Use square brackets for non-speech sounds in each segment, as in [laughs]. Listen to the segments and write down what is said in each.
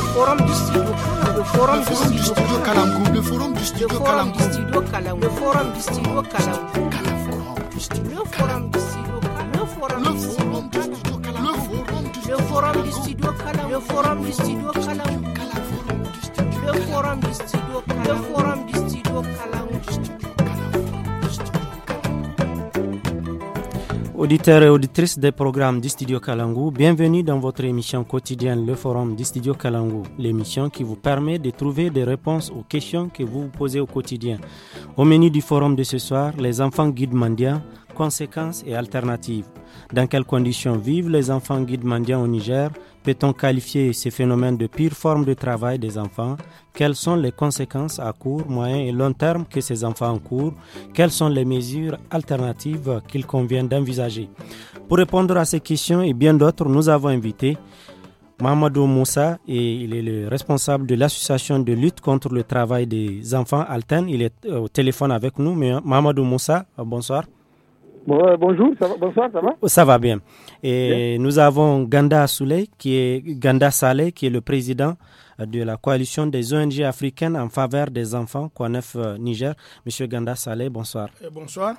le forum du studio le forum du studio le forum du studio le forum du studio le forum du studio le forum du studio le forum du studio le forum du studio forum du studio forum du studio forum du studio Auditeurs et auditrices des programmes du Studio Kalangou, bienvenue dans votre émission quotidienne Le Forum du Studio Kalangou, l'émission qui vous permet de trouver des réponses aux questions que vous vous posez au quotidien. Au menu du forum de ce soir, les enfants guides Mandia conséquences et alternatives Dans quelles conditions vivent les enfants guides mendiants au Niger Peut-on qualifier ces phénomènes de pire forme de travail des enfants Quelles sont les conséquences à court, moyen et long terme que ces enfants encourent Quelles sont les mesures alternatives qu'il convient d'envisager Pour répondre à ces questions et bien d'autres, nous avons invité Mamadou Moussa et il est le responsable de l'association de lutte contre le travail des enfants Alten. Il est euh, au téléphone avec nous. Euh, Mamadou Moussa, euh, bonsoir. Euh, bonjour, ça va, bonsoir, ça va Ça va bien. Et nous avons Ganda qui est Ganda Saleh, qui est le président de la coalition des ONG africaines en faveur des enfants, CONEF euh, Niger. Monsieur Ganda Saleh, bonsoir. Euh, bonsoir.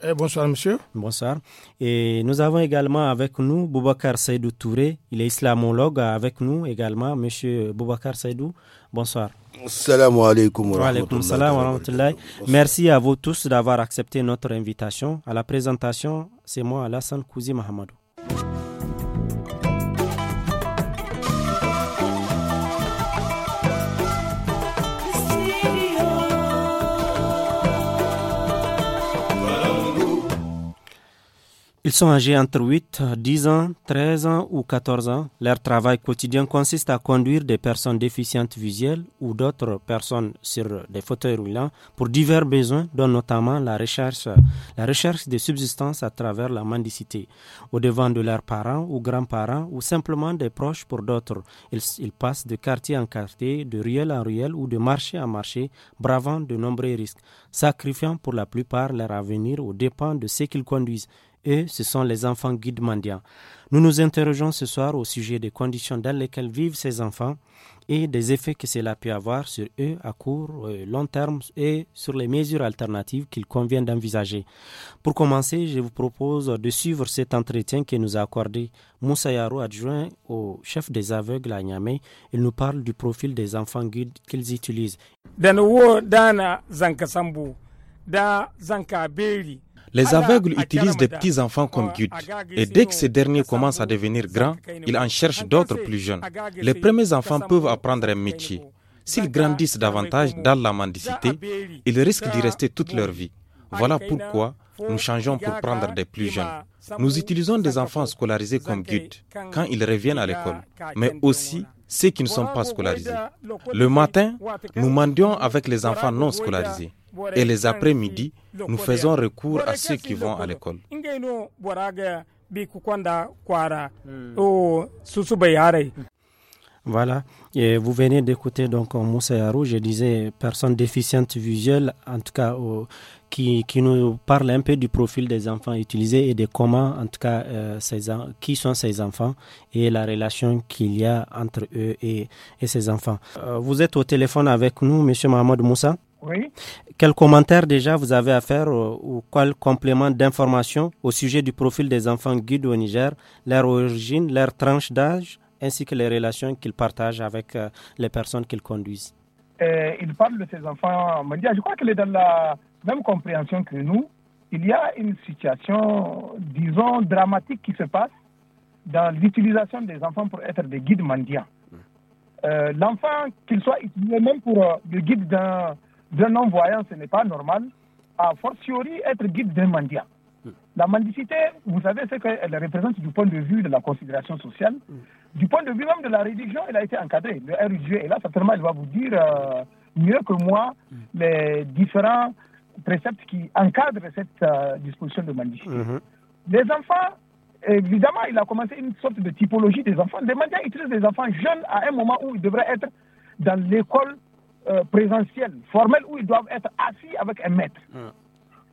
Eh, bonsoir, monsieur. Bonsoir. Et nous avons également avec nous Boubacar Saïdou Touré. Il est islamologue avec nous également, monsieur Boubacar Saïdou. Bonsoir. Salam alaikum wa rahmatullahi. Merci à vous tous d'avoir accepté notre invitation. À la présentation, c'est moi, Alassane Kouzi Mahamadou. Ils sont âgés entre 8, 10 ans, 13 ans ou 14 ans. Leur travail quotidien consiste à conduire des personnes déficientes visuelles ou d'autres personnes sur des fauteuils roulants pour divers besoins, dont notamment la recherche, la recherche de subsistance à travers la mendicité, au devant de leurs parents ou grands-parents ou simplement des proches pour d'autres. Ils, passent de quartier en quartier, de ruelle en ruelle ou de marché en marché, bravant de nombreux risques, sacrifiant pour la plupart leur avenir aux dépens de ce qu'ils conduisent. Eux, ce sont les enfants guides mendiants. Nous nous interrogeons ce soir au sujet des conditions dans lesquelles vivent ces enfants et des effets que cela peut avoir sur eux à court, et euh, long terme et sur les mesures alternatives qu'il convient d'envisager. Pour commencer, je vous propose de suivre cet entretien que nous a accordé Moussa adjoint au chef des aveugles à Niamey. Il nous parle du profil des enfants guides qu'ils utilisent. Dans le les aveugles utilisent des petits-enfants comme guides. Et dès que ces derniers commencent à devenir grands, ils en cherchent d'autres plus jeunes. Les premiers enfants peuvent apprendre un métier. S'ils grandissent davantage dans la mendicité, ils risquent d'y rester toute leur vie. Voilà pourquoi nous changeons pour prendre des plus jeunes. Nous utilisons des enfants scolarisés comme guides quand ils reviennent à l'école, mais aussi ceux qui ne sont pas scolarisés. Le matin, nous mendions avec les enfants non scolarisés et les après-midi, nous faisons recours à ceux qui vont à l'école. Hmm. Voilà, et vous venez d'écouter donc Moussa Yarou, je disais personne déficiente visuelle, en tout cas qui, qui, nous parle un peu du profil des enfants utilisés et de comment, en tout cas, euh, qui sont ces enfants et la relation qu'il y a entre eux et, ces enfants. Euh, vous êtes au téléphone avec nous, Monsieur Mohamed Moussa. Oui. Quel commentaire déjà vous avez à faire euh, ou, quel complément d'information au sujet du profil des enfants guides au Niger, leur origine, leur tranche d'âge, ainsi que les relations qu'ils partagent avec euh, les personnes qu'ils conduisent euh, Il parle de ces enfants mandiens. Je crois qu'il est dans la même compréhension que nous. Il y a une situation, disons, dramatique qui se passe dans l'utilisation des enfants pour être des guides mendiants. L'enfant, qu'il soit utilisé même pour le guide d'un d'un non-voyant, ce n'est pas normal, a fortiori être guide d'un mendiant. La mendicité, vous savez ce qu'elle représente du point de vue de la considération sociale, du point de vue même de la religion, elle a été encadrée. Le et là, certainement, il va vous dire euh, mieux que moi les différents préceptes qui encadrent cette euh, disposition de mendicité. Mhm. Les enfants, évidemment, il a commencé une sorte de typologie des enfants. Les mendiants utilisent des enfants jeunes à un moment où ils devraient être dans l'école euh, présentiel, formel, où ils doivent être assis avec un maître. Ah.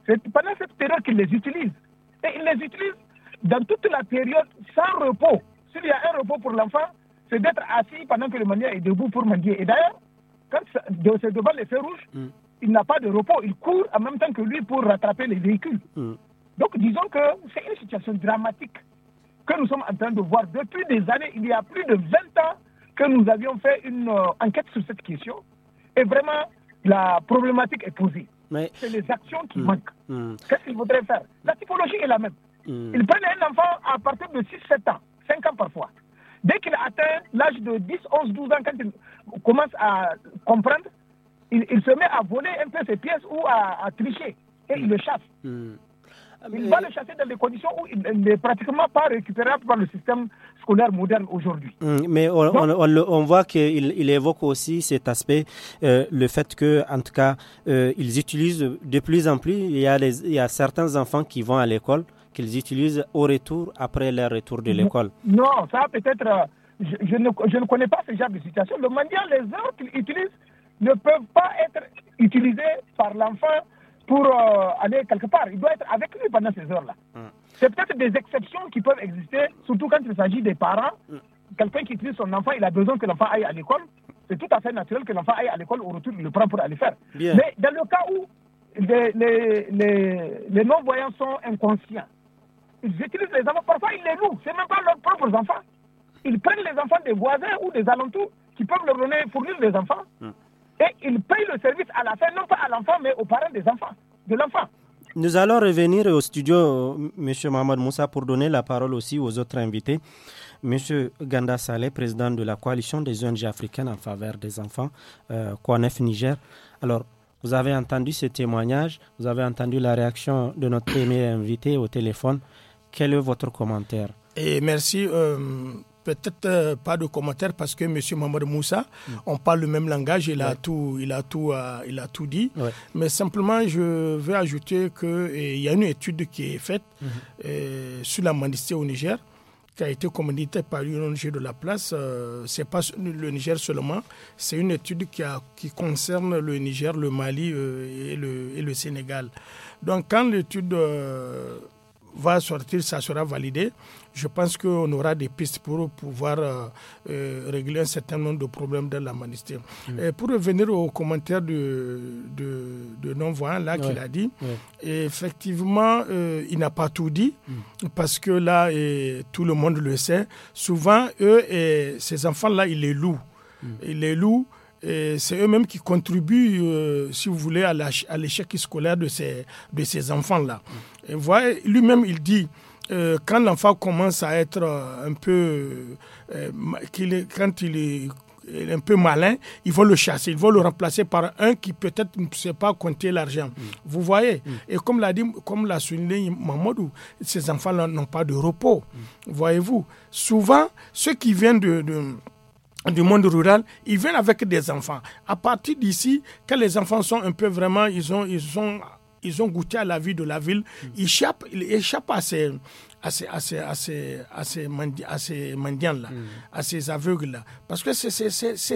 C'est pendant cette période qu'ils les utilisent. Et ils les utilisent dans toute la période sans repos. S'il y a un repos pour l'enfant, c'est d'être assis pendant que le mania est debout pour mendier. Et d'ailleurs, quand c'est devant les feux rouges, hmm. il n'a pas de repos. Il court en même temps que lui pour rattraper les véhicules. Hmm. Donc disons que c'est une situation dramatique que nous sommes en train de voir depuis des années. Il y a plus de 20 ans que nous avions fait une euh, enquête sur cette question. Et vraiment, la problématique est posée. C'est les actions qui hmm. manquent. Hmm. Qu'est-ce qu'il voudraient faire La typologie est la même. Hmm. Il Ils un enfant à partir de 6-7 ans, 5 ans parfois. Dès qu'il atteint l'âge de 10, 11, 12 ans, quand il commence à comprendre, il, se met à voler un peu ses pièces ou à, à tricher et il le chasse. Il va le chasser dans des conditions où il n'est pratiquement pas récupérable par le système scolaire moderne aujourd'hui. Mm, mais on, voit qu'il il évoque aussi cet aspect, euh, le fait que, en tout cas, euh, ils utilisent de plus en plus, il y a, certains enfants qui vont à l'école, qu'ils utilisent au retour, après leur retour de l'école. Non, ça peut-être, euh, je, ne, je ne connais pas ce genre de situation. Le mendiant, les autres qu'ils utilisent ne peuvent pas être utilisés par l'enfant pour euh, aller quelque part. Il doit être avec lui pendant ces heures-là. Hmm. C'est peut-être des exceptions qui peuvent exister, surtout quand il s'agit des parents. Hmm. Quelqu'un qui utilise son enfant, il a besoin que l'enfant aille à l'école. C'est tout à fait naturel que l'enfant aille à l'école, au retour, il le prend pour aller faire. Mais dans le cas où les, non-voyants sont inconscients, ils utilisent les enfants, parfois ils les louent, ce même pas leurs propres enfants. Ils prennent les enfants des voisins ou des alentours qui peuvent leur donner, fournir des enfants. Hmm et ils payent le service à la fin, non pas à l'enfant, mais aux parents des enfants, de l'enfant. Nous allons revenir au studio, euh, M. Mohamed Moussa, pour donner la parole aussi aux autres invités. M. Ganda Saleh, président de la coalition des ONG africaines en faveur des enfants, euh, Niger. Alors, vous avez entendu ce témoignage, vous avez entendu la réaction de notre premier invité au téléphone. Quel est votre commentaire Et Merci. Euh, peut-être euh, pas de commentaires parce que M. Mamadou Moussa, mm. on parle le même langage, il a tout, il a tout, euh, il a tout dit. Mais simplement, je veux ajouter qu'il y a une étude qui est faite mm-hmm. euh, sur la mendicité au Niger qui a été commanditée par l'ONG de la place. c'est pas le Niger seulement, c'est une étude qui, concerne le Niger, le Mali et le Sénégal. Donc quand l'étude va sortir, ça sera validé je pense qu'on aura des pistes pour pouvoir euh, euh, régler un certain nombre de problèmes dans la ministère. Et pour revenir au commentaire de, de, non-voyant, là, qu'il a dit, effectivement, euh, il n'a pas tout dit, mm. parce que là, et, tout le monde le sait, souvent, eux, et ces enfants-là, ils les louent. Mm. Ils les louent c'est eux-mêmes qui contribuent, si vous voulez, à l'échec scolaire de ces, de ces enfants-là. Mm. Et vous lui-même, il dit, euh, quand l'enfant commence à être euh, un peu, euh, est, quand il est un peu malin, ils vont le chasser, ils vont le remplacer par un qui peut-être ne sait pas compter l'argent. Mm. Vous voyez mm. Et comme l'a dit, comme l'a souligné Mamadou, ces enfants-là n'ont pas de repos. Mm. Voyez-vous Souvent, ceux qui viennent de, du monde rural, ils viennent avec des enfants. À partir d'ici, quand les enfants sont un peu vraiment, ils ont, ils ils ont goûté à la vie de la ville. Mm. Ils échappent, ils échappent à ces, à ces, à ces, à mendiants-là, mm. à ces aveugles-là. Parce que c'est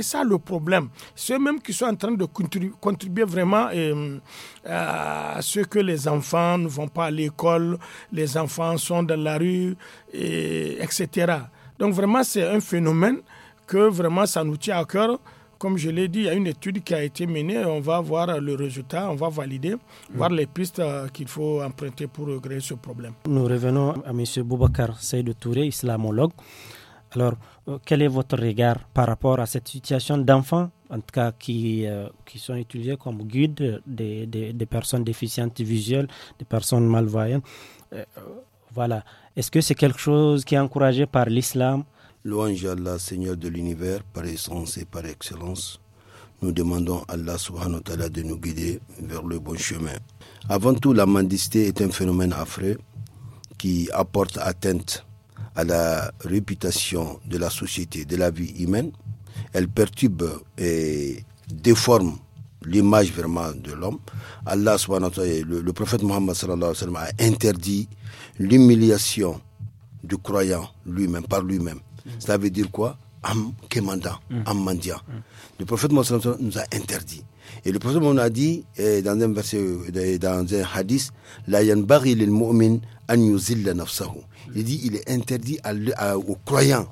ça le problème. Ceux même qui sont en train de contribuer, vraiment euh, à ce que les enfants ne vont pas à l'école, les enfants sont dans la rue, et, etc. Donc vraiment, c'est un phénomène que vraiment ça nous tient à cœur comme je l'ai dit, il y a une étude qui a été menée. On va voir le résultat, on va valider, voir les pistes euh, qu'il faut emprunter pour régler ce problème. Nous revenons à M. Boubacar Seydou Touré, islamologue. Alors, euh, quel est votre regard par rapport à cette situation d'enfants, en tout cas qui, euh, qui sont utilisés comme guides des, des, personnes déficientes visuelles, des personnes malvoyantes Voilà. Est-ce que c'est quelque chose qui est encouragé par l'islam Louange à Allah, Seigneur de l'univers, par essence et par excellence. Nous demandons à Allah subhanahu wa ta'ala de nous guider vers le bon chemin. Avant tout, la mendicité est un phénomène affreux qui apporte atteinte à la réputation de la société, de la vie humaine. Elle perturbe et déforme l'image vraiment de l'homme. Allah subhanahu wa ta'ala, le, prophète Muhammad sallallahu alayhi wa a interdit l'humiliation du croyant lui-même, par lui-même. Mm. Ça veut dire quoi Am mm. am mandia. Mm. Le prophète Mohammed nous a interdit. Et le prophète nous a dit, eh, dans un verset, eh, dans un hadith, La lil mu'min an nafsahu. Il dit, il est interdit à, aux croyants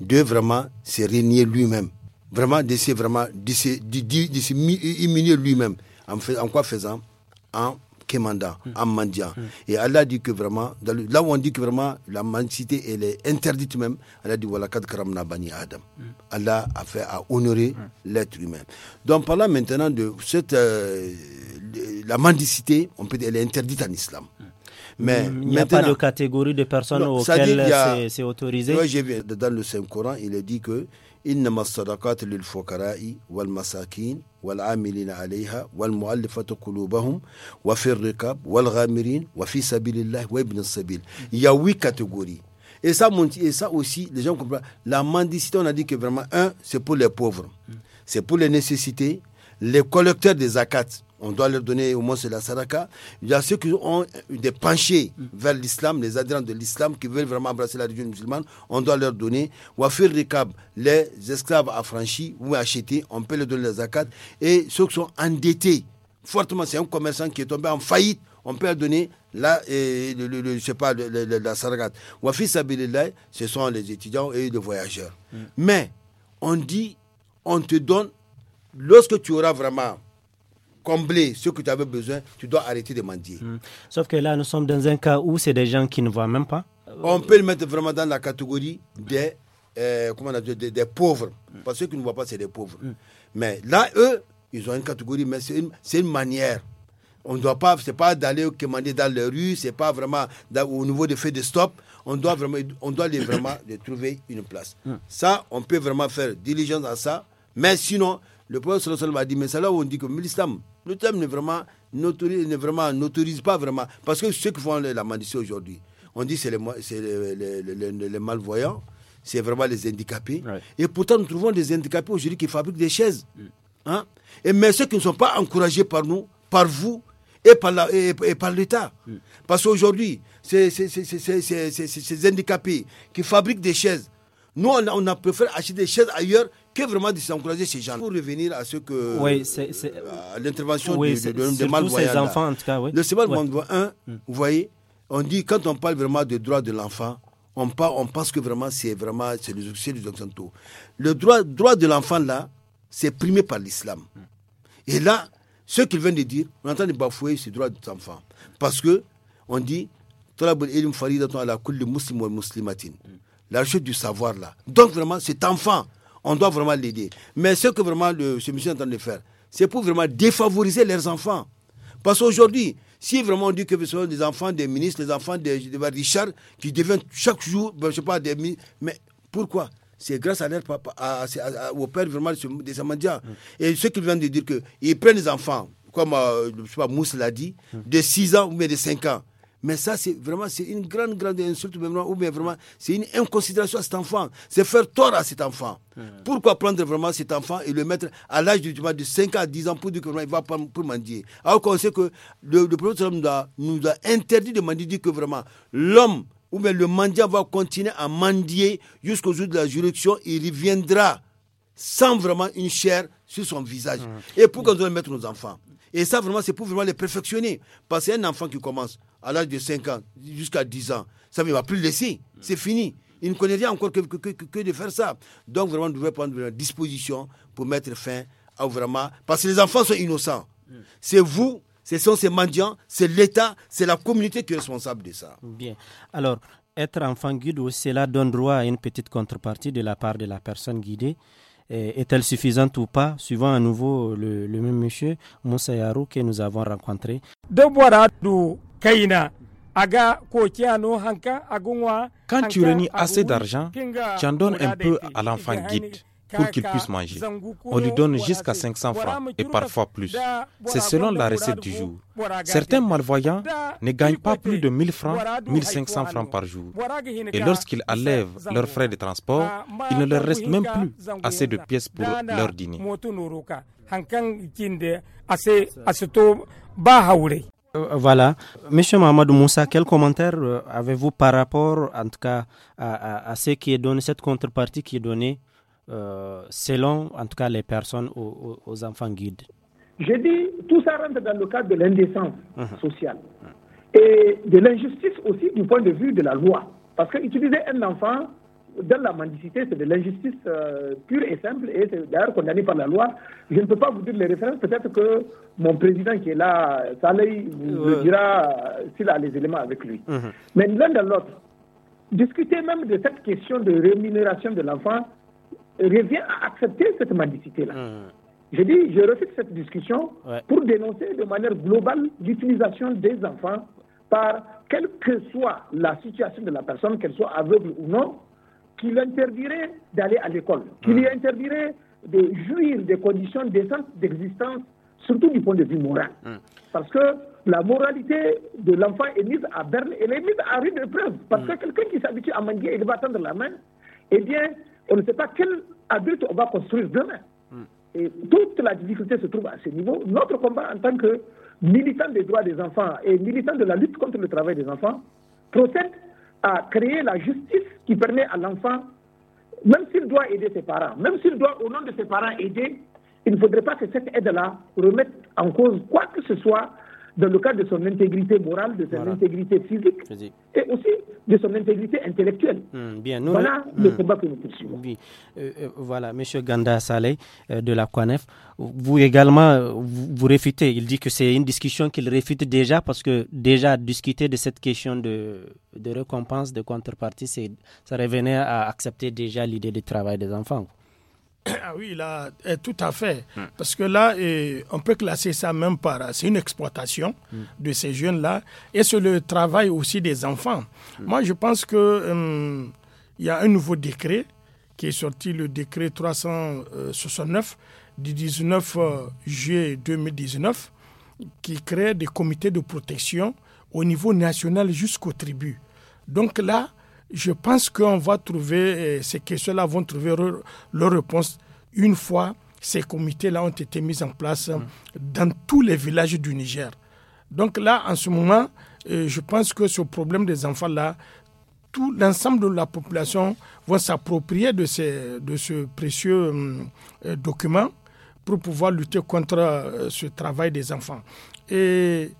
de vraiment se régner lui-même. Vraiment, d'essayer vraiment, de se, de, lui-même. En, en quoi faisant En Kemanda, mmh. en Et Allah dit que vraiment, là où on dit que vraiment la mendicité, elle est interdite même, Allah dit Walakad Karamna Bani Adam. Allah a fait à honorer l'être humain. Donc, parlant maintenant de cette. Euh, la mendicité, on peut, dire elle est interdite en islam. Mais il n'y a pas de catégorie de personnes auxquelles c'est autorisé. Moi j'ai vu dans le Saint-Coran, il est dit que. lil الصدقات wal Masakin il y a huit catégories et ça et ça aussi les gens comprennent la mendicité on a dit que vraiment un c'est pour les pauvres c'est pour les nécessités les collecteurs des zakats on doit leur donner au moins la saraka. Il y a ceux qui ont des penchés mm. vers l'islam, les adhérents de l'islam qui veulent vraiment embrasser la religion musulmane, on doit leur donner. Wafir Rikab, les esclaves affranchis ou achetés, on peut leur donner la zakat. Et ceux qui sont endettés, fortement, c'est un commerçant qui est tombé en faillite, on peut leur donner la, et, eh, le, je sais pas, la saraka. Wafir ce sont les étudiants et les voyageurs. Mm. Mais on dit, on te donne, lorsque tu auras vraiment combler ce que tu avais besoin, tu dois arrêter de mendier. Hmm. Sauf que là, nous sommes dans un cas où c'est des gens qui ne voient même pas. Euh, on peut le mettre vraiment dans la catégorie des, euh, comment on des, pauvres. Hmm. Parce que ceux qui ne voient pas, c'est des pauvres. Hmm. Mais là, eux, ils ont une catégorie, mais c'est une, une, manière. On ne doit pas, c'est pas d'aller commander dans les rues, c'est pas vraiment au niveau des faits de stop. On doit vraiment, on doit les, vraiment [coughs] de trouver une place. Ça, on peut vraiment faire diligence à ça. Mais sinon, le professeur a dit, mais c'est là où on dit que l'islam, le thème ne vraiment n'autorise vraiment n'autorise pas vraiment parce que ceux qui font la malicie aujourd'hui, on dit c'est les, les, malvoyants, c'est vraiment les handicapés. Et pourtant nous trouvons des handicapés aujourd'hui qui fabriquent des chaises. Mm. Hein? Et mais ceux qui ne sont pas encouragés par nous, par vous, et par, la, et, par l'État. Mm. Parce qu'aujourd'hui, ces, c'est handicapés qui fabriquent des chaises, nous, on a, on a préféré acheter des chaises ailleurs que vraiment de s'encourager ces gens. Pour revenir à ce que oui, euh, l'intervention de, de, malvoyants. ces enfants, en tout cas, oui. Le CEMAL ouais. 1, hein, mm. vous voyez, on dit, quand on parle vraiment des droits de l'enfant, on, on pense que vraiment, c'est vraiment, c'est les, du occidentaux. Le droit, droit de l'enfant, là, c'est primé par l'islam. Mm. Et là, ce qu'ils viennent de dire, on entend de bafouer ces droits de enfants. Parce que, on dit, mm. la recherche du savoir, là. Donc, vraiment, cet enfant, on doit vraiment l'aider. Mais ce que vraiment le, ce monsieur est en train de faire, c'est pour vraiment défavoriser leurs enfants. Parce qu'aujourd'hui, si vraiment on dit que ce sont des enfants des ministres, les enfants de Richard, qui deviennent chaque jour, ben, je sais pas, des ministres, mais pourquoi c'est grâce à leur papa, au père vraiment de Samandia. Mm. Et ce qu'il vient de dire, qu'ils prennent des enfants, comme euh, je sais pas, Mousse l'a dit, mm. de 6 ans ou de 5 ans. Mais ça, c'est vraiment c'est une grande, grande insulte, ou bien vraiment, c'est une inconsidération à cet enfant. C'est faire tort à cet enfant. Pourquoi prendre vraiment cet enfant et le mettre à l'âge de, de 5 à 10 ans pour dire qu'il va pas pour mendier Alors qu'on sait que le, le nous a, interdit de mendier, dit que vraiment, l'homme ou bien le mendiant va continuer à mendier jusqu'au jour de la juridiction, il viendra sans vraiment une chair sur son visage. Et pourquoi nous allons mettre nos enfants Et ça, vraiment, c'est pour vraiment les perfectionner. Parce qu'un enfant qui commence, à l'âge de 5 ans jusqu'à 10 ans, ça ne va plus le laisser. C'est fini. Il ne connaît rien encore que, de faire ça. Donc vraiment, on devrait prendre la disposition pour mettre fin à vraiment... Parce que les enfants sont innocents. C'est vous, ce sont ces mendiants, c'est l'État, c'est la communauté qui est responsable de ça. Bien. Alors, être enfant guide, cela donne droit à une petite contrepartie de la part de la personne guidée. Eh, est-elle suffisante ou pas Suivant à nouveau le, même monsieur Moussa que nous avons rencontré. De quand tu réunis assez d'argent, tu en donnes un peu à l'enfant guide pour qu'il puisse manger. On lui donne jusqu'à 500 francs et parfois plus. C'est selon la recette du jour. Certains malvoyants ne gagnent pas plus de 1000 francs, 1500 francs par jour. Et lorsqu'ils enlèvent leurs frais de transport, ah, il ne leur reste même plus assez de pièces pour leur dîner. Euh, voilà. Monsieur Mohamed Moussa, quel commentaire euh, avez-vous par rapport, en tout cas, à, ce qui est donné, cette contrepartie qui est donnée, euh, selon, en tout cas, les personnes aux, enfants guides Je dis, tout ça rentre dans le cadre de l'indécence sociale et de l'injustice aussi du point de vue de la loi. Parce qu'utiliser un enfant dans la mendicité, c'est de l'injustice euh, pure et simple, et c'est d'ailleurs condamné par la loi. Je ne peux pas vous dire les références, peut-être que mon président qui est là, Saleh, vous le dira euh, s'il a les éléments avec lui. Mhm. Mais l'un de l'autre, discuter même de cette question de rémunération de l'enfant revient à accepter cette mendicité-là. Mhm. Je dis, je refuse cette discussion pour dénoncer de manière globale l'utilisation des enfants par quelle que soit la situation de la personne, qu'elle soit aveugle ou non, qui l'interdirait d'aller à l'école, qui lui hmm. interdirait de jouir des conditions décentes d'existence, surtout du point de vue moral. Hmm. Parce que la moralité de l'enfant est mise à berne, elle est mise à rude épreuve. Parce hmm. que quelqu'un qui s'habitue à manger et va tendre la main, eh bien, on ne sait pas quel adulte on va construire demain. Et toute la difficulté se trouve à ce niveau. Notre combat en tant que militant des droits des enfants et militant de la lutte contre le travail des enfants procède à créer la justice qui permet à l'enfant, même s'il doit aider ses parents, même s'il doit au nom de ses parents aider, il ne faudrait pas que cette aide-là remette en cause quoi que ce soit dans le cadre de son intégrité morale, de son intégrité physique, et aussi de son intégrité intellectuelle. Hmm, voilà hmm. le combat que nous poursuivons. Euh, euh, voilà, M. Ganda Saleh euh, de la COANEF, vous également, vous, réfutez. Il dit que c'est une discussion qu'il réfute déjà parce que déjà discuter de cette question de, de récompense, de contrepartie, ça revenait à accepter déjà l'idée du travail des enfants. [clears throat] Ah oui, là, eh, tout à fait. Parce que là, eh, on peut classer ça même par. Euh, c'est une exploitation de ces jeunes-là. Et c'est le travail aussi des enfants. Moi, je pense qu'il hum, il y a un nouveau décret qui est sorti, le décret 369 euh, du 19 euh, juillet 2019, qui crée des comités de protection au niveau national jusqu'aux tribus. Donc là, je pense qu'on va trouver, euh, ces questions-là vont trouver leur réponse une fois ces comités-là ont été mis en place hum. dans tous les villages du Niger. Donc là, en ce moment, euh, je pense que ce problème des enfants-là, tout l'ensemble de la population va s'approprier de, de ce précieux hum, euh, document pour pouvoir lutter contre ce travail des enfants. Et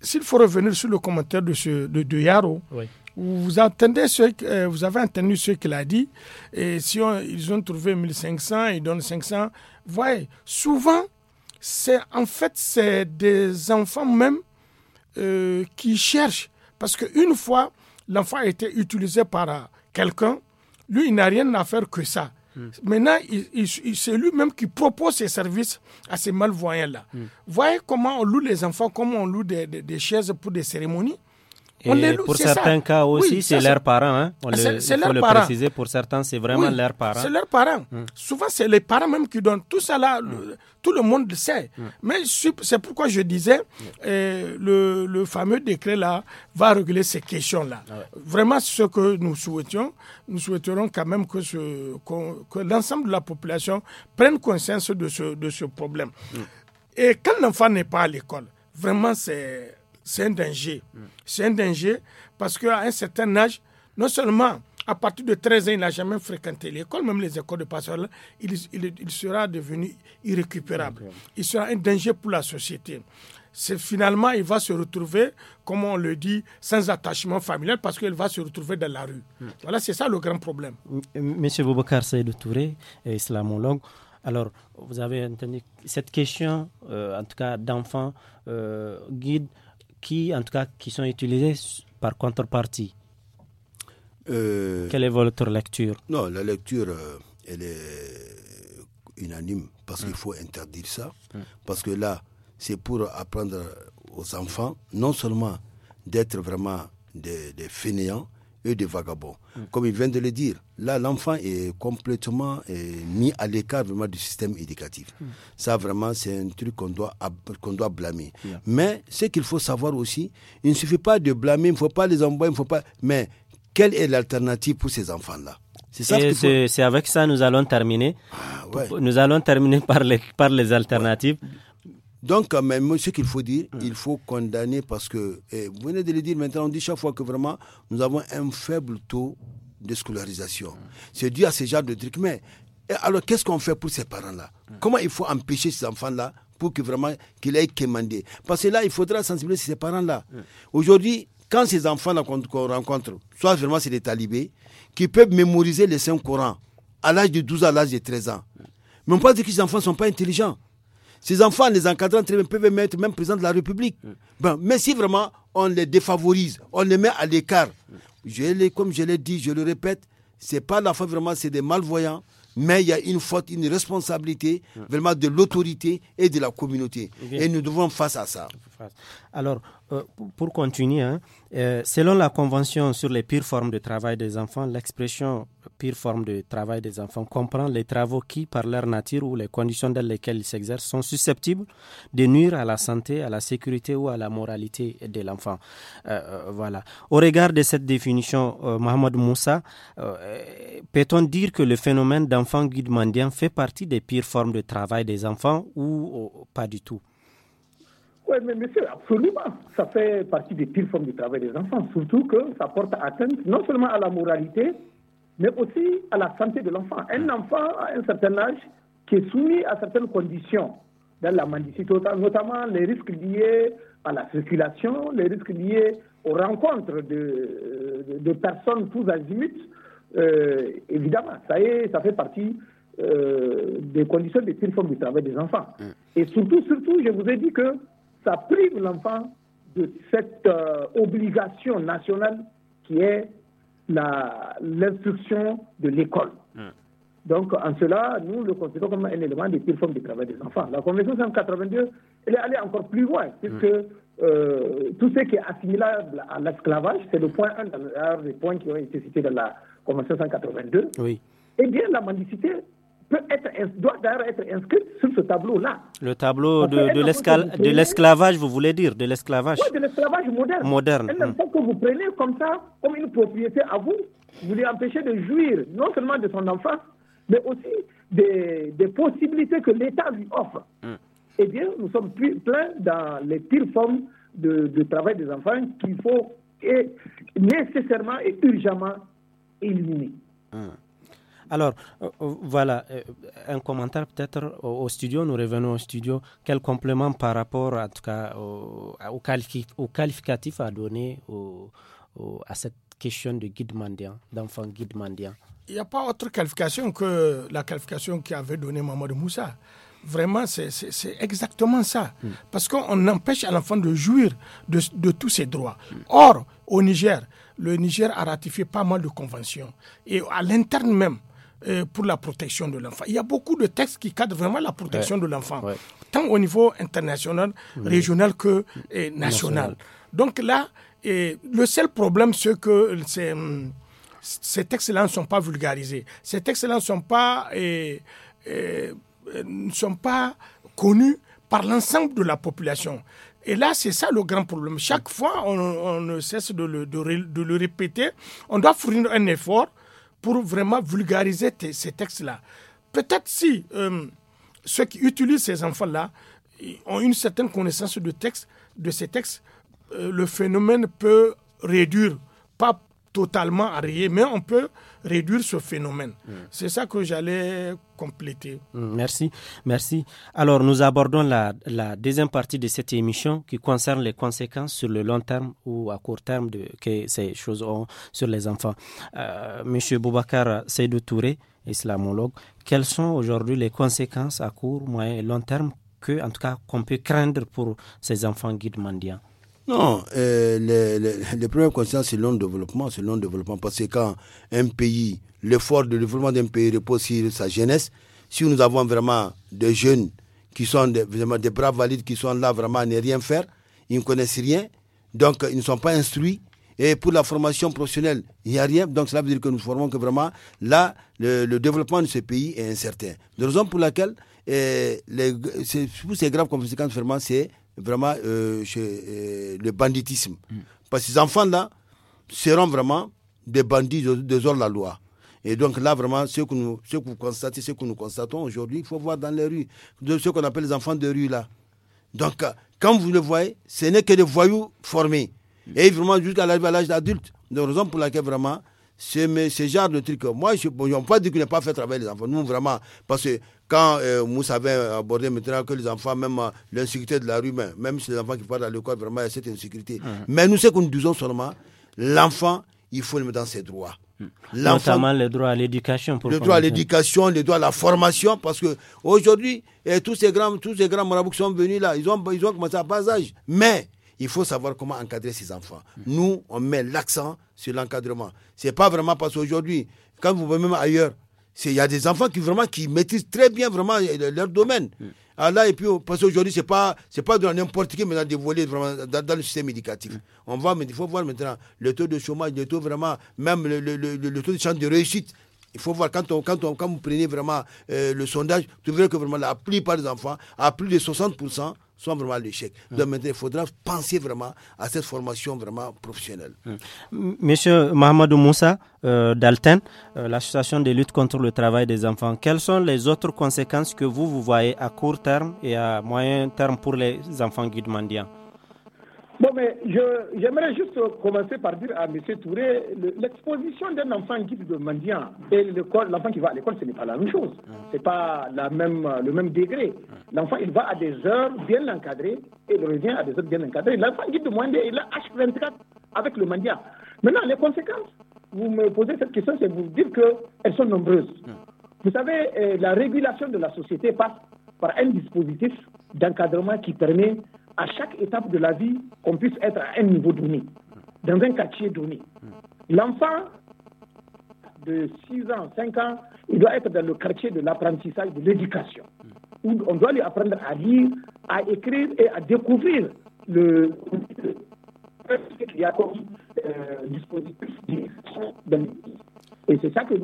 s'il faut revenir sur le commentaire de, ce, de, de Yaro, vous, entendez ce, euh, vous avez entendu ce qu'il a dit. Et si ils ont trouvé 1500, ils donnent 500. voyez, souvent, c'est en fait, c'est des enfants même euh, qui cherchent. Parce qu'une fois, l'enfant a été utilisé par euh, quelqu'un, lui, il n'a rien à faire que ça. Hmm. Maintenant, c'est lui-même qui propose ses services à ces malvoyants-là. Hmm. Vous Voyez comment on loue les enfants, comment on loue des chaises pour des cérémonies pour certains cas aussi, c'est leurs parents. Hein. On ah, le, faut le préciser, pour certains, c'est vraiment leurs parents. C'est leurs parents. Mm. Souvent, c'est les parents même qui donnent tout ça mm. tout le monde le sait. Mm. Mais c'est pourquoi je disais, euh, le, fameux décret là va régler ces questions là. Ah vraiment, ce que nous souhaitions, nous souhaiterons quand même que, l'ensemble de la population prenne conscience de ce problème. Et quand l'enfant n'est pas à l'école, vraiment, c'est c'est un danger. C'est un danger parce qu'à un certain âge, non seulement à partir de 13 ans, il n'a jamais fréquenté l'école, même les écoles de passeurs, il, sera devenu irrécupérable. Il sera un danger pour la société. C'est finalement, il va se retrouver, comme on le dit, sans attachement familial parce qu'il va se retrouver dans la rue. Hmm. Voilà, c'est ça le grand problème. Monsieur Boubacar Saïdou Touré, islamologue, alors, vous avez entendu cette question, euh, en tout cas d'enfants, euh, guide qui, en tout cas, qui sont utilisés par contrepartie. Euh, Quelle est votre lecture Non, la lecture, euh, elle est unanime parce qu'il hmm. faut interdire ça. Hmm. Parce que là, c'est pour apprendre aux enfants non seulement d'être vraiment des fainéants, et des vagabonds. Comme il vient de le dire, là, l'enfant est complètement euh, mis à l'écart vraiment du système éducatif. Ça, vraiment, c'est un truc qu'on doit, qu'on doit blâmer. Mais ce qu'il faut savoir aussi, il ne suffit pas de blâmer, il ne faut pas les envoyer, il ne faut pas. Mais quelle est l'alternative pour ces enfants-là c'est avec ça nous allons terminer. Ah, nous allons terminer par les, par les alternatives. Donc, même, ce qu'il faut dire, il faut condamner parce que, eh, vous venez de le dire maintenant, on dit chaque fois que vraiment, nous avons un faible taux de scolarisation. C'est dû à ce genre de trucs. Mais eh, alors, qu'est-ce qu'on fait pour ces parents-là Comment il faut empêcher ces enfants-là pour que vraiment qu'il aient commandé Parce que là, il faudra sensibiliser ces parents-là. Aujourd'hui, quand ces enfants-là qu'on rencontre, soit vraiment c'est des talibés, qui peuvent mémoriser les Saint-Coran à l'âge de 12 à l'âge de 13 ans. Mais on peut dire que ces enfants ne sont pas intelligents. Ces enfants, les encadrants peuvent mettre même présents de la République. Mm. mais si vraiment on les défavorise, on les met à l'écart, comme je l'ai dit, je le répète, c'est pas la faute vraiment, c'est des malvoyants mais il y a une faute, une responsabilité mm. vraiment de l'autorité et de la communauté. Et nous devons face à ça. Alors, euh, pour, continuer, hein, euh, selon la Convention sur les pires formes de travail des enfants, l'expression pire forme de travail des enfants comprend les travaux qui, par leur nature ou les conditions dans lesquelles ils s'exercent, sont susceptibles de nuire à la santé, à la sécurité ou à la moralité de l'enfant. Euh, voilà. Au regard de cette définition, Mohamed Moussa, peut-on dire que le phénomène d'enfant guide fait partie des pires formes de travail des enfants ou pas du tout oui, mais monsieur, absolument. Ça fait partie des pires formes du travail des enfants, surtout que ça porte atteinte non seulement à la moralité, mais aussi à la santé de l'enfant. Un hmm. enfant à un certain âge qui est soumis à certaines conditions, dans la mendicité, notamment les risques liés à la circulation, les risques liés aux rencontres de, euh, personnes tous azimuts, euh, évidemment, ça, est, ça fait partie euh, des conditions des pires formes du travail des enfants. Hmm. Et surtout, surtout, je vous ai dit que ça prive l'enfant de cette euh, obligation nationale qui est l'instruction de l'école. Hmm. Donc, en cela, nous le considérons comme un élément des pires formes de travail des enfants. La Convention 182, elle est allée encore plus loin, puisque hmm. euh, tout ce qui est assimilable à l'esclavage, c'est le point 1 des points qui ont été cités dans la Convention 182. Oui. Et eh bien, la mendicité, doit d'ailleurs être inscrite sur ce tableau-là. Le tableau de, de l'esclavage, vous voulez dire, de l'esclavage de l'esclavage moderne. Moderne. Et hum. que vous prenez comme ça, comme une propriété à vous, vous lui empêchez de jouir non seulement de son enfant, mais aussi des, possibilités que l'État lui offre. et hum. Eh bien, nous sommes pleins dans les pires formes de, travail des enfants qu'il faut et nécessairement et urgemment éliminer. Hum. Alors, euh, euh, voilà, euh, un commentaire peut-être au, studio, nous revenons au studio. Quel complément par rapport, en tout cas, au, qualificatif à donner à cette question de guide d'enfant guide mendiant Il n'y a pas autre qualification que la qualification qu'avait donnée de Moussa. Vraiment, c'est exactement ça. Hmm. Parce qu'on empêche à l'enfant de jouir de, tous ses droits. Hmm. Or, au Niger, le Niger a ratifié pas mal de conventions. Et à l'interne même, euh, pour la protection de l'enfant. Il y a beaucoup de textes qui cadrent vraiment la protection de l'enfant, tant au niveau international, régional que euh, national. Donc là, euh, le seul problème, c'est que ces, textes-là ne sont pas vulgarisés. Ces textes-là ne sont pas, ne sont pas connus par l'ensemble de la population. Et là, c'est ça le grand problème. Chaque fois, on, ne cesse de de, de le répéter. On doit fournir un effort pour vraiment vulgariser ces textes-là. Peut-être si euh, ceux qui utilisent ces enfants-là ont une certaine connaissance de, texte, de ces textes, euh, le phénomène peut réduire, pas totalement arrêté, mais on peut réduire ce phénomène. Mm. C'est ça que j'allais compléter. Mm, merci, merci. Alors nous abordons la, deuxième partie de cette émission qui concerne les conséquences sur le long terme ou à court terme de, que ces choses ont sur les enfants. Euh, Monsieur Boubacar Seydou Touré, islamologue, quelles sont aujourd'hui les conséquences à court, moyen et long terme que, en tout cas, qu'on peut craindre pour ces enfants guides mendiants non, le euh, premier les, c'est le développement, c'est le développement. Parce que quand un pays, l'effort de développement d'un pays repose sur sa jeunesse, si nous avons vraiment des jeunes qui sont des, braves valides, qui sont là vraiment à ne rien faire, ils ne connaissent rien, donc ils ne sont pas instruits. Et pour la formation professionnelle, il n'y a rien. Donc cela veut dire que nous formons que vraiment, là, le, développement de ce pays est incertain. La raison pour laquelle, euh, les, pour ces graves conséquences, vraiment, c'est vraiment chez, euh, euh, le banditisme. Parce que ces enfants-là seront vraiment des bandits de, la loi. Et donc là, vraiment, ce que, nous, ce que vous constatez, ce que nous constatons aujourd'hui, il faut voir dans les rues, de ce qu'on appelle les enfants de rue, là. Donc, euh, quand vous le voyez, ce n'est que des voyous formés. Et vraiment, jusqu'à l'arrivée à l'âge d'adulte. De raison pour laquelle, vraiment, c'est ce genre de truc. Moi, je ne pas dit qu'on n'a pas fait travailler les enfants. Nous, vraiment, parce que quand euh, Moussa avait abordé maintenant que les enfants, même euh, l'insécurité de la rue, même si les enfants qui partent à l'école, vraiment, il y a cette insécurité. Mmh. Mais nous, ce que nous disons seulement, l'enfant, il faut le mettre dans ses droits. Mmh. Notamment le droit à l'éducation. Le droit à l'éducation, le droit à la formation, parce que aujourd'hui, eh, tous ces grands, tous ces grands marabouts qui sont venus là, ils ont, ils ont commencé à bas âge. Mais il faut savoir comment encadrer ses enfants. Nous, on met l'accent sur l'encadrement. C'est pas vraiment parce qu'aujourd'hui, quand vous voyez même ailleurs, il y a des enfants qui vraiment qui maîtrisent très bien vraiment euh, leur domaine. Mm. Alors ah, là, et puis, oh, parce qu'aujourd'hui, ce n'est pas, pas dans n'importe qui mais vraiment dans, le système éducatif. Mm. On va, mais il faut voir maintenant le taux de chômage, le taux vraiment, même le, taux de chance de réussite. Il faut voir, quand, on, quand, quand vous prenez vraiment euh, le sondage, vous verrez que vraiment la plupart des enfants, à plus de 60%, soit vraiment l'échec. Hum. Donc maintenant, il faudra penser vraiment à cette formation vraiment professionnelle. Hum. Monsieur Mahamadou Moussa euh, d'Alten, euh, l'association des luttes contre le travail des enfants, quelles sont les autres conséquences que vous, vous voyez à court terme et à moyen terme pour les enfants guides Bon, mais j'aimerais juste commencer par dire à M. Touré, l'exposition d'un enfant guide mendiant et l'enfant qui va à l'école, ce n'est pas la même chose. Hum. Ce n'est pas la même, le même degré. L'enfant, il va à des heures bien encadrées et il revient à des heures bien encadrées. L'enfant guide de il a H24 avec le mandia. Maintenant, les conséquences, vous me posez cette question, c'est vous dire qu'elles sont nombreuses. Hmm. Vous savez, euh, la régulation de la société passe par un dispositif d'encadrement qui permet à chaque étape de la vie qu'on puisse être à un niveau donné, dans un quartier donné. Hmm. L'enfant de 6 ans, 5 ans, il doit être dans le quartier de l'apprentissage, de l'éducation. Hmm où on doit lui apprendre à lire, à écrire et à découvrir le, qu'il y a comme euh, dispositif Et c'est ça que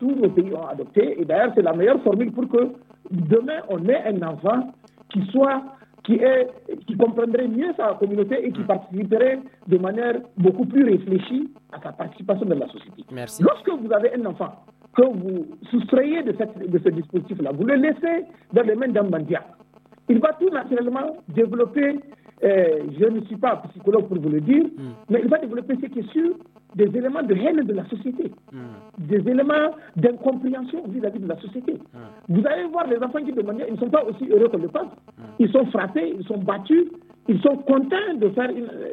tous nos pays ont adopté. Et d'ailleurs, c'est la meilleure formule pour que demain, on ait un enfant qui soit qui, est, qui comprendrait mieux sa communauté et qui mm. participerait de manière beaucoup plus réfléchie à sa participation dans la société. Lorsque vous avez un enfant que vous soustrayez de, ce dispositif-là, vous le laissez dans les mains d'un bandia. Il va tout naturellement développer, euh, je ne suis pas psychologue pour vous le dire, hmm. mais il va développer, qui questions sur des éléments de haine de la société, hmm. des éléments d'incompréhension vis-à-vis de la société. Hmm. Vous allez voir les enfants qui demandent, ils ne sont pas aussi heureux que le pense. Ils sont frappés, ils sont battus, ils sont contents de faire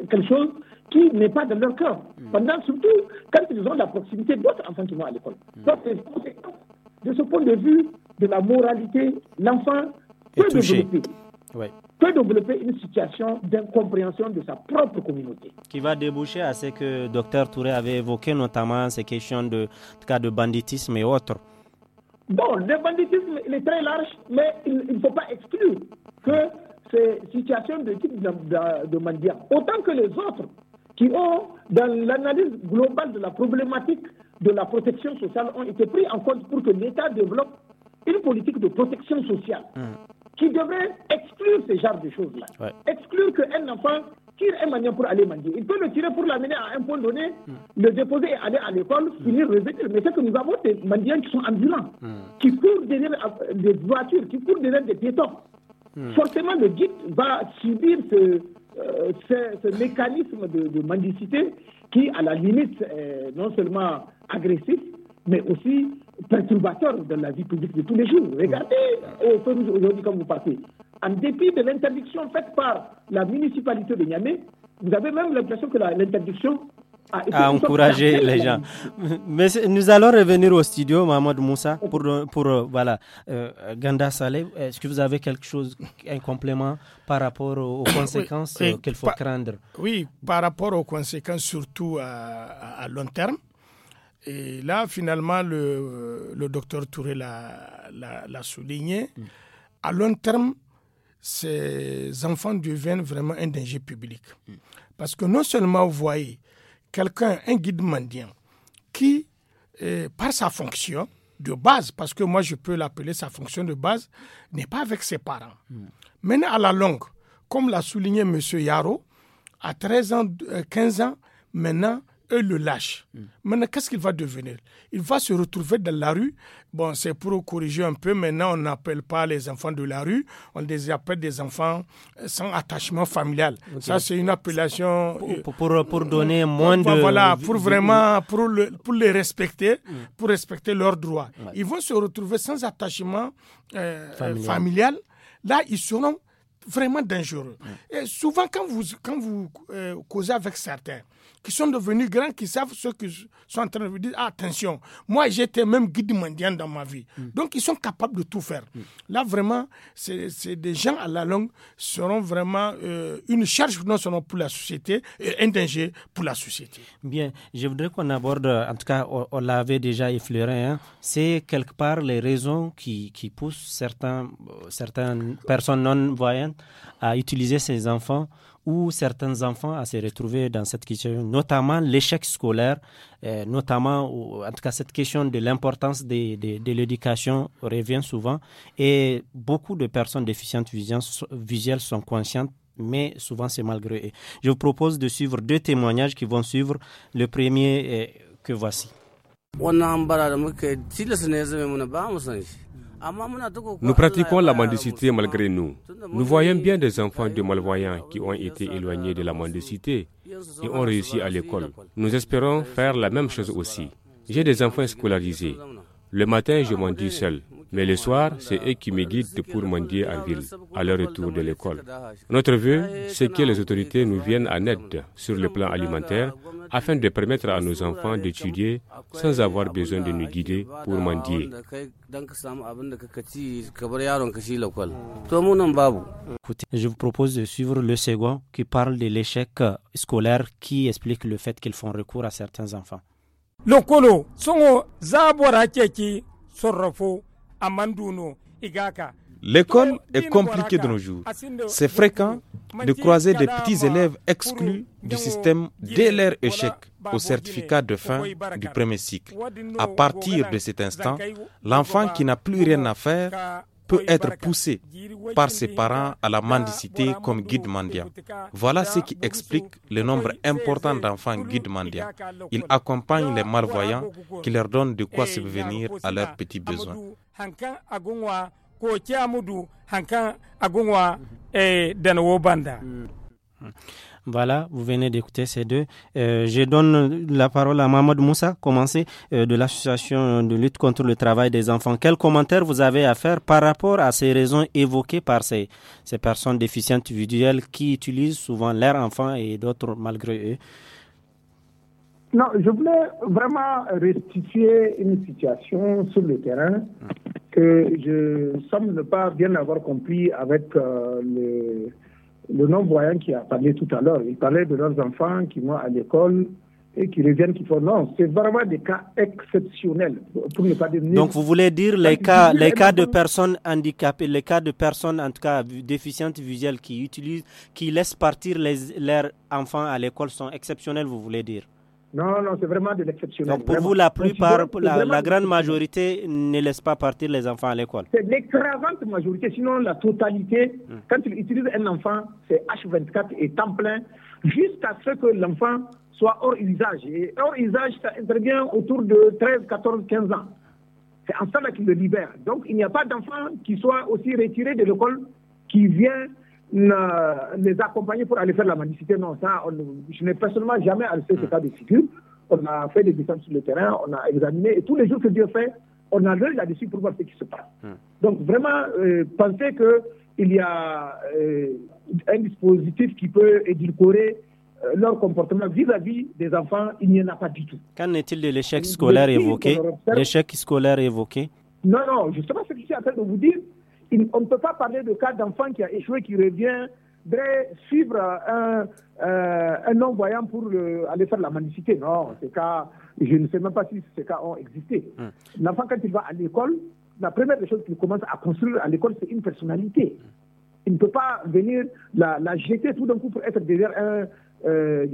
quelque chose qui n'est pas dans leur cœur. Pendant surtout quand ils ont la proximité d'autres enfants qui vont à l'école. Mm. Donc de ce point de vue de la moralité, l'enfant peut développer. peut développer une situation d'incompréhension de sa propre communauté. Qui va déboucher à ce que docteur Touré avait évoqué, notamment ces questions de, cas de banditisme et autres. Bon, le banditisme, est très large, mais il ne faut pas exclure que ces situations de type de, de, autant que les autres, qui ont, dans l'analyse globale de la problématique de la protection sociale, ont été pris en compte pour que l'État développe une politique de protection sociale hmm. qui devrait exclure ce genre de choses-là. Exclure qu'un enfant tire un manière pour aller manger. Il peut le tirer pour l'amener à un point donné, hmm. le déposer et aller à l'école, hmm. finir, revenir. Mais c'est que nous avons des mendiants qui sont ambulants, qui courent derrière euh, des voitures, qui courent derrière des piétons. Forcément, le guide va subir ce, euh, ce, mécanisme de, mendicité qui, à la limite, est non seulement agressif, mais aussi perturbateur dans la vie publique de tous les jours. Regardez aujourd'hui comme vous partez. En dépit de l'interdiction faite par la municipalité de Niamey, vous avez même l'impression que l'interdiction à encourager [laughs] les gens. Mais nous allons revenir au studio, Mahmoud Moussa, pour, pour euh, voilà, euh, Ganda Saleh. Est-ce que vous avez quelque chose, un complément par rapport aux, conséquences euh, qu'il faut craindre Oui, par rapport aux conséquences, surtout à, long terme. Et là, finalement, le, le docteur Touré l'a souligné. Mm. À long terme, ces enfants deviennent vraiment un danger public. Mm. Parce que non seulement, vous voyez, quelqu'un, un guide mendiant, qui, euh, par sa fonction de base, parce que moi je peux l'appeler sa fonction de base, n'est pas avec ses parents. Mais hmm. Maintenant, à la longue, comme l'a souligné M. Yaro, à 13 ans, 15 euh, ans, maintenant, eux le lâchent. Hmm. Maintenant, qu'est-ce qu'il va devenir Il va se retrouver dans la rue. Bon, c'est pour corriger un peu. Maintenant, on n'appelle pas les enfants de la rue, on les appelle des enfants euh, sans attachement familial. Ça, c'est une appellation. Pour, pour, euh, donner euh, moins de. Voilà, pour vraiment, pour, le, pour les respecter, hmm. pour respecter leurs droits. Ils vont se retrouver sans attachement familial. Là, ils seront vraiment dangereux. Et souvent, quand vous, quand vous causez avec certains, qui sont devenus grands, qui savent ce qu'ils sont en train de dire. Ah, attention, moi j'étais même guide mondial dans ma vie. Mm. Donc ils sont capables de tout faire. Mm. Là vraiment, c'est des gens à la longue seront vraiment euh, une charge non seulement pour la société et un danger pour la société. Bien, je voudrais qu'on aborde, en tout cas, on, l'avait déjà effleuré, hein. c'est quelque part les raisons qui, poussent certains, euh, certaines personnes non voyantes à utiliser ces enfants où certains enfants à se retrouver dans cette question, notamment l'échec scolaire, euh, notamment, ou, en tout cas, cette question de l'importance de, de l'éducation revient souvent. Et beaucoup de personnes déficientes visuelles sont conscientes mais souvent c'est malgré eux. Je vous propose de suivre deux témoignages qui vont suivre. Le premier que voici. Nous pratiquons la mendicité malgré nous. Nous voyons bien des enfants de malvoyants qui ont été éloignés de la mendicité et ont réussi à l'école. Nous espérons faire la même chose aussi. J'ai des enfants scolarisés. Le matin, je ah, m'en dis seul. Mais le soir, c'est eux qui me guident pour mendier en ville, à leur retour de l'école. Notre vœu, c'est que les autorités nous viennent en aide sur le plan alimentaire afin de permettre à nos enfants d'étudier sans avoir besoin de nous guider pour mendier. Je vous propose de suivre le second qui parle de l'échec scolaire qui explique le fait qu'ils font recours à certains enfants. L'école est compliquée de nos jours. C'est fréquent de croiser des petits élèves exclus du système dès leur échec au certificat de fin du premier cycle. À partir de cet instant, l'enfant qui n'a plus rien à faire peut être poussé par ses parents à la mendicité comme guide mandia. Voilà ce qui explique le nombre important d'enfants guide mandia. Ils accompagnent les malvoyants qui leur donnent de quoi eh, subvenir à leurs petits besoins hankan Voilà, vous venez d'écouter ces deux. Euh, je donne la parole à Mahmoud Moussa, commencé euh, de l'association de lutte contre le travail des enfants. Quel commentaire vous avez à faire par rapport à ces raisons évoquées par ces, ces personnes déficientes individuelles qui utilisent souvent leurs enfants et d'autres malgré eux non, je voulais vraiment restituer une situation sur le terrain que je semble ne pas bien avoir compris avec euh, le, non-voyant qui a parlé tout à l'heure. Il parlait de leurs enfants qui vont à l'école et qui reviennent, qui font non. C'est vraiment des cas exceptionnels, Donc vous voulez dire les cas, les cas de personnes handicapées, les cas de personnes en tout cas déficientes visuelles qui utilisent, qui laissent partir les, leurs enfants à l'école sont exceptionnels, vous voulez dire non, non, c'est vraiment de l'exceptionnel. Donc pour vous, la plupart, la, grande majorité ne laisse pas partir les enfants à l'école C'est l'écrasante majorité, sinon la totalité. Hmm. Quand ils utilisent un enfant, c'est H24 et temps plein, jusqu'à ce que l'enfant soit hors usage. Et hors usage, ça intervient autour de 13, 14, 15 ans. C'est en ça qu'il le libère. Donc il n'y a pas d'enfant qui soit aussi retiré de l'école, qui vient les accompagner pour aller faire la manicité. Non, ça, je n'ai personnellement jamais faire ce hmm. cas de figure. On a fait des descentes sur le terrain, on a examiné, et tous les jours que Dieu fait, on a l'œil là-dessus pour voir ce qui se passe. Hmm. Donc vraiment, euh, penser penser qu'il y a euh, un dispositif qui peut édulcorer euh, leur comportement vis-à-vis des enfants, il n'y en a pas du tout. Qu'en est-il de l'échec scolaire évoqué L'échec scolaire évoqué Non, non, justement, ce que je suis en train de vous dire, on ne peut pas parler de cas d'enfant qui a échoué, qui revient suivre euh, un, non-voyant pour aller faire la mendicité. Non, ces cas, je ne sais même pas si ces cas ont existé. Hum. L'enfant, quand il va à l'école, la première des choses qu'il commence à construire à l'école, c'est une personnalité. Il ne peut pas venir la, jeter tout d'un coup pour être derrière un, euh,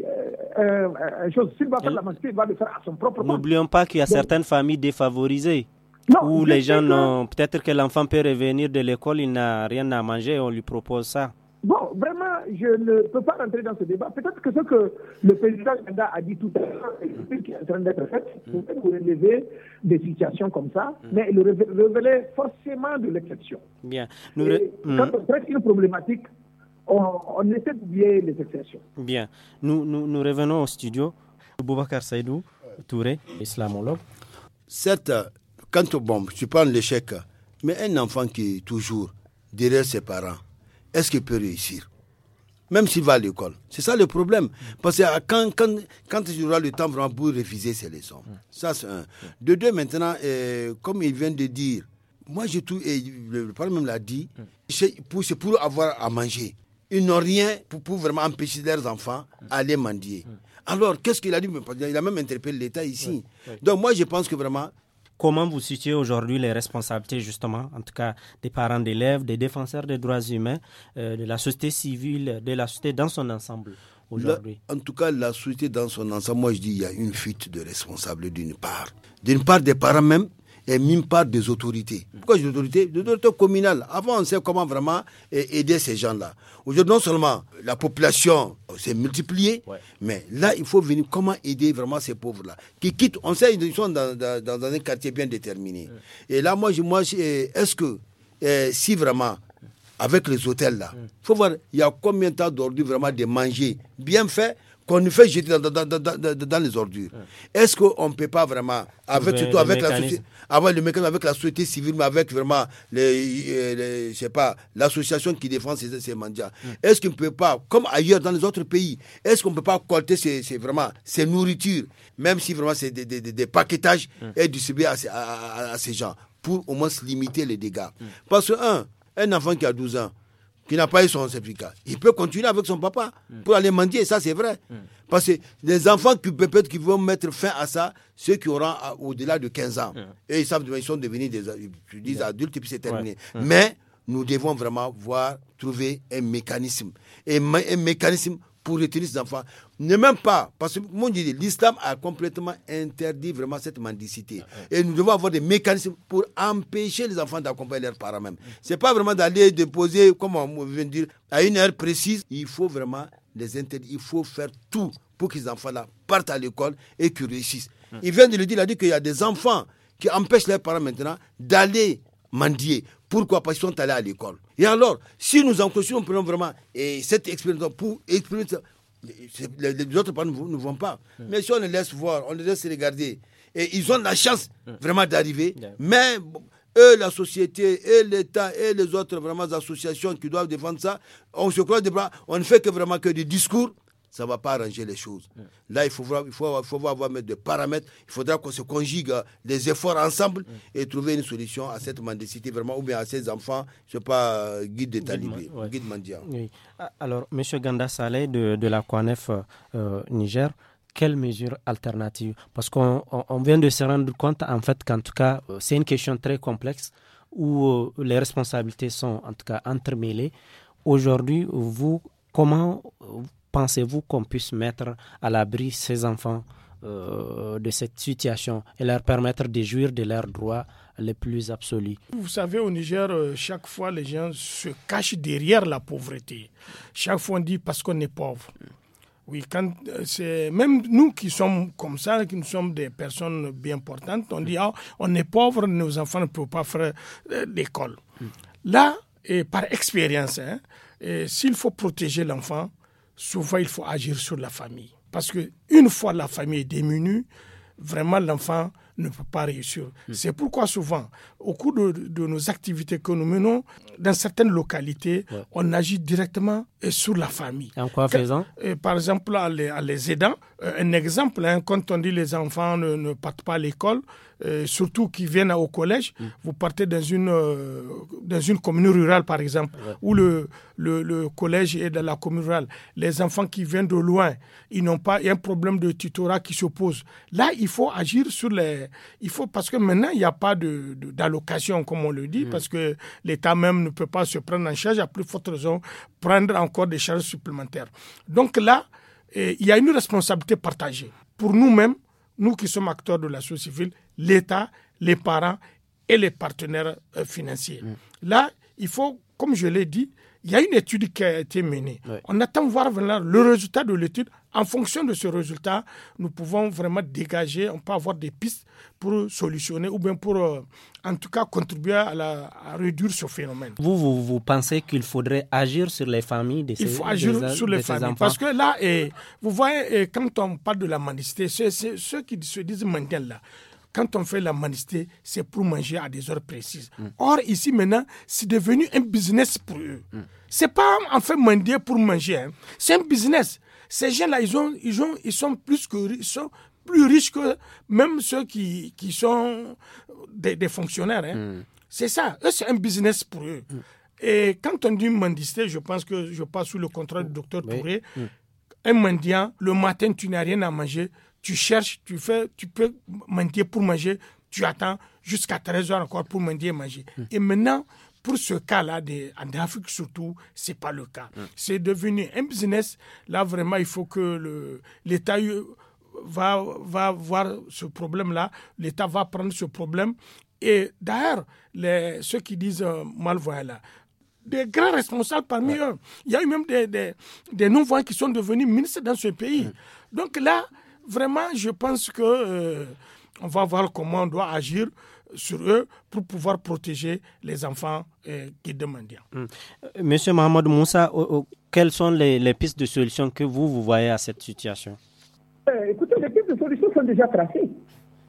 chose. S'il va faire la mendicité, il va le faire à son propre N'oublions pas qu'il y a certaines familles défavorisées ou les gens n'ont. Peut-être que l'enfant peut revenir de l'école, il n'a rien à manger, on lui propose ça. Bon, vraiment, je ne peux pas rentrer dans ce débat. Peut-être que ce que le président Ganda a dit tout à l'heure, qui est en train d'être fait, pour mm. relever des situations comme ça, mm. mais il révélait forcément de l'exception. Bien. Quand mm. on traite une problématique, on, on essaie d'oublier les exceptions. Bien. Nous, nous, revenons au studio. Boubacar Saïdou, Touré, islamologue. Cette quand bon, tu prends l'échec, mais un enfant qui est toujours derrière ses parents, est-ce qu'il peut réussir Même s'il va à l'école. C'est ça le problème. Parce que quand, quand, quand il aura le temps vraiment pour réviser ses leçons. Ça, c'est un. De deux, maintenant, euh, comme il vient de dire, moi, j'ai tout, et le même l'a dit, c'est pour, avoir à manger. Ils n'ont rien pour, vraiment empêcher leurs enfants d'aller mendier. Alors, qu'est-ce qu'il a dit Il a même interpellé l'État ici. Donc, moi, je pense que vraiment, Comment vous situez aujourd'hui les responsabilités, justement, en tout cas, des parents d'élèves, des défenseurs des droits humains, euh, de la société civile, de la société dans son ensemble aujourd'hui En tout cas, la société dans son ensemble, moi je dis, il y a une fuite de responsables d'une part. D'une part, des parents même et même pas des autorités. Pourquoi des autorités Des autorités communales. Avant, on sait comment vraiment aider ces gens-là. Aujourd'hui, non seulement la population euh, s'est multipliée, mais là, il faut venir comment aider vraiment ces pauvres-là. Qui quittent, on sait, ils sont dans, un quartier bien déterminé. Et là, moi, je, moi euh, est-ce que euh, si vraiment avec les hôtels là. Il faut voir, il y a combien de temps d'ordures vraiment de manger bien fait qu'on nous fait jeter dans, les ordures. Est-ce qu'on ne peut pas vraiment, avec, surtout avec la, société, le mécanisme, avec la société civile, mais avec vraiment les, euh, l'association qui défend ces, ces est-ce qu'on ne peut pas, comme ailleurs dans les autres pays, est-ce qu'on ne peut pas colter ces, vraiment, ces nourritures, même si vraiment c'est des, des, paquetages, et distribuer à, à, ces gens, pour au moins limiter les dégâts Parce que, un, un enfant qui a 12 ans, qui n'a pas eu son certificat, il peut continuer avec son papa pour aller mendier, ça c'est vrai. Parce que les enfants qui qui vont mettre fin à ça, ceux qui auront ah, au-delà de 15 ans, et ils savent ils sont devenus des adultes et puis c'est terminé. Mais nous devons vraiment voir, trouver un mécanisme. un mécanisme pour retenir ses enfants. Ne même pas, parce que mon l'islam a complètement interdit vraiment cette mendicité. Ah, ah. Et nous devons avoir des mécanismes pour empêcher les enfants d'accompagner leurs parents même. C'est pas vraiment d'aller déposer, comme on vient de dire, à une heure précise. Il faut vraiment les interdire. Il faut faire tout pour que ces enfants-là partent à l'école et qu'ils réussissent. Ah. Il vient de le dire, il a dit qu'il y a des enfants qui empêchent leurs parents maintenant d'aller mandier, Pourquoi Parce qu'ils sont allés à l'école. Et alors, si nous en prenons vraiment et cette expérience pour exprimer les, autres ne vont pas. Hmm. Mais si on les laisse voir, on les laisse regarder, et ils ont la chance hmm. vraiment d'arriver. Mais eux, la société, et l'État, et les autres vraiment associations qui doivent défendre ça, on se croise des bras, on ne fait que vraiment que des discours ça ne va pas arranger les choses. Là, il faut, il faut, il faut avoir des paramètres, il faudra qu'on se conjugue les efforts ensemble et trouver une solution à cette mendicité vraiment, ou bien à ces enfants, je ne sais pas, euh, guide des talibés, ouais. guide hein. ah, Alors, M. Ganda Saleh de, de la COANEF euh, Niger, quelles mesures alternatives Parce qu'on vient de se rendre compte, en fait, qu'en tout cas, euh, c'est une question très complexe où les responsabilités sont, en tout cas, entremêlées. Aujourd'hui, vous, comment pensez-vous qu'on puisse mettre à l'abri ces enfants euh, de cette situation et leur permettre de jouir de leurs droits les plus absolus. Vous savez, au Niger, euh, chaque fois, les gens se cachent derrière la pauvreté. Chaque fois, on dit parce qu'on est pauvre. Oui, euh, c'est même nous qui sommes comme ça, qui nous sommes des personnes bien portantes, on dit ah, on est pauvre, nos enfants ne peuvent pas faire l'école. Mm. Là, et par expérience, hein, s'il faut protéger l'enfant, souvent il faut agir sur la famille. Parce qu'une fois la famille est démunie, vraiment l'enfant ne peut pas réussir. Mm. C'est pourquoi souvent, au cours de, nos activités que nous menons, dans certaines localités, on agit directement euh, sur la famille. En quoi faisant euh, Par exemple, à les aidants, euh, un exemple, hein, quand on dit les enfants ne, partent pas à l'école, euh, surtout qu'ils viennent au collège, mm. vous partez dans une, euh, dans une commune rurale, par exemple, où le, le, collège est dans la commune rurale. Les enfants qui viennent de loin, ils n'ont pas il y a un problème de tutorat qui s'oppose. Là, il faut agir sur les... Il faut, parce que maintenant, il n'y a pas d'allocation, de, d'allocation comme on le dit, mm. parce que l'État même ne peut pas se prendre en charge, à plus forte raison, prendre encore des charges supplémentaires. Donc là, il y a une responsabilité partagée. Pour nous-mêmes, nous qui sommes acteurs de la société civile, l'État, les parents et les partenaires euh, financiers. Mm. Là, il faut, comme je l'ai dit, il y a une étude qui a été menée. On attend voir le résultat de l'étude en fonction de ce résultat, nous pouvons vraiment dégager, on peut avoir des pistes pour solutionner ou bien pour, euh, en tout cas, contribuer à, la, réduire ce phénomène. Vous, vous, pensez qu'il faudrait agir sur les familles de ces Il faut agir sur les familles. Parce que là, eh, vous voyez, eh, quand on parle de la manifester, c'est ceux qui se disent mendiants là quand on fait la manicité, c'est pour manger à des heures précises. Hmm. Or, ici maintenant, c'est devenu un business pour eux. Ce hmm. C'est pas en fait mendier pour manger, hein. c'est un business. Ces gens-là, ils, ont, ils, ont, ils sont plus que sont plus riches que même ceux qui, qui sont des, fonctionnaires. Hein. Hmm. C'est ça. Eux, c'est un business pour eux. Hmm. Et quand on dit mendicité, je pense que je passe sous le contrôle du docteur Touré. Hmm. Un mendiant, le matin, tu n'as rien à manger. Tu cherches, tu fais, tu peux mendier pour manger. Tu attends jusqu'à 13 h encore pour mendier et manger. Et maintenant, pour ce cas-là, en Afrique surtout, ce n'est pas le cas. Hum. C'est devenu un business. Là, vraiment, il faut que l'État euh, va, va voir ce problème-là. L'État va prendre ce problème. Et d'ailleurs, ceux qui disent euh, mal malvoyants des grands responsables parmi eux. Il y a eu même des, des, non qui sont devenus ministres dans ce pays. Hum. Donc là, vraiment, je pense que euh, on va voir comment on doit agir sur eux pour pouvoir protéger les enfants euh, qui demandent. Hmm. Monsieur Mohamed Moussa, quelles sont les, pistes de solutions que vous, voyez à cette situation euh, Écoutez, les pistes de solution sont déjà tracées.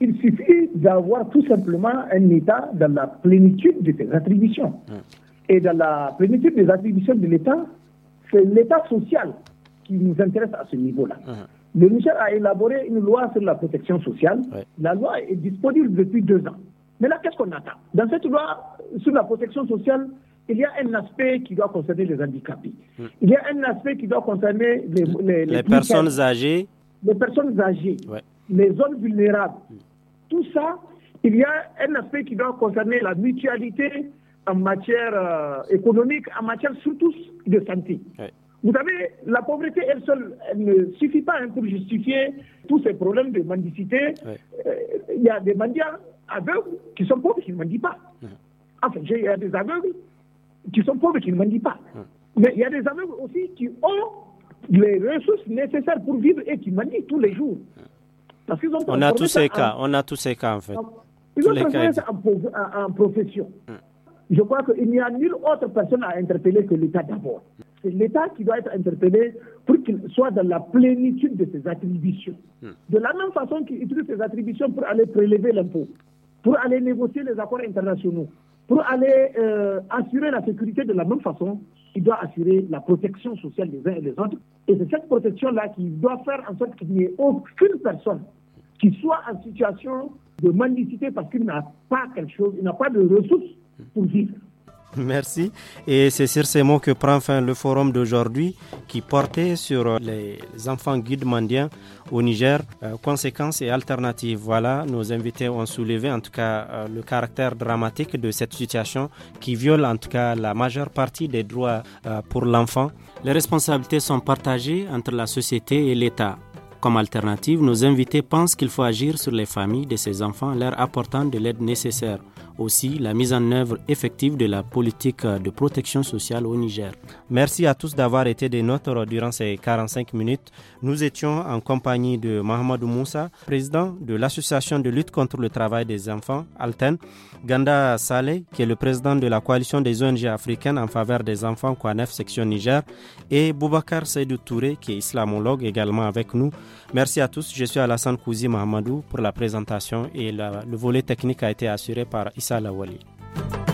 Il suffit d'avoir tout simplement un État dans la plénitude de ses attributions. Hmm. Et dans la plénitude des attributions de l'État, c'est l'État social qui nous intéresse à ce niveau-là. Hmm. Le Michel a élaboré une loi sur la protection sociale. La loi est disponible depuis deux ans. Mais là, qu'est-ce qu'on attend Dans cette loi sur la protection sociale, il y a un aspect qui doit concerner les handicapés. Hmm. Il y a un aspect qui doit concerner les, personnes âgées. Les personnes âgées, les zones vulnérables. Hmm. Tout ça, il y a un aspect qui doit concerner la mutualité en matière euh, économique, en matière surtout de santé. Vous savez, la pauvreté, elle seule, elle ne suffit pas hein, pour justifier tous ces problèmes de mendicité. Euh, il y a des mendiants, aveugles qui sont pauvres, qui ne disent pas. Mm-hmm. Enfin, il y a des aveugles qui sont pauvres, qui ne disent pas. Mm-hmm. Mais il y a des aveugles aussi qui ont les ressources nécessaires pour vivre et qui disent tous les jours. Mm-hmm. Parce qu'ils ont on a tous ces cas, en... on a tous ces cas en fait. Ils ont tous en, profession. Mm. Je crois qu'il n'y a nulle autre personne à interpeller que l'État d'abord. Mm. C'est l'État qui doit être interpellé pour qu'il soit dans la plénitude de ses attributions. Mm. De la même façon qu'il utilise ses attributions pour aller prélever l'impôt pour aller négocier les accords internationaux, pour aller euh, assurer la sécurité de la même façon, il doit assurer la protection sociale des uns et des autres. Et c'est cette protection-là qui doit faire en sorte qu'il n'y ait aucune personne qui soit en situation de mendicité parce qu'il n'a pas quelque chose, il n'a pas de ressources pour vivre. [laughs] Merci. Et c'est sur ces mots que prend fin le forum d'aujourd'hui qui portait sur les enfants guides au Niger, euh, conséquences et alternatives. Voilà, nos invités ont soulevé en tout cas euh, le caractère dramatique de cette situation qui viole en tout cas la majeure partie des droits euh, pour l'enfant. Les responsabilités sont partagées entre la société et l'État. Comme alternative, nos invités pensent qu'il faut agir sur les familles de ces enfants, leur apportant de l'aide nécessaire aussi la mise en œuvre effective de la politique de protection sociale au Niger. Merci à tous d'avoir été des nôtres durant ces 45 minutes. Nous étions en compagnie de Mahamadou Moussa, président de l'association de lutte contre le travail des enfants, Alten, Ganda Saleh, qui est le président de la coalition des ONG africaines en faveur des enfants, Kwanef, section Niger, et Boubacar Seydou Touré, qui est islamologue également avec nous. Merci à tous. Je suis Alassane Kouzi Mohamedou pour la présentation et le volet technique a été assuré par رسالة ولي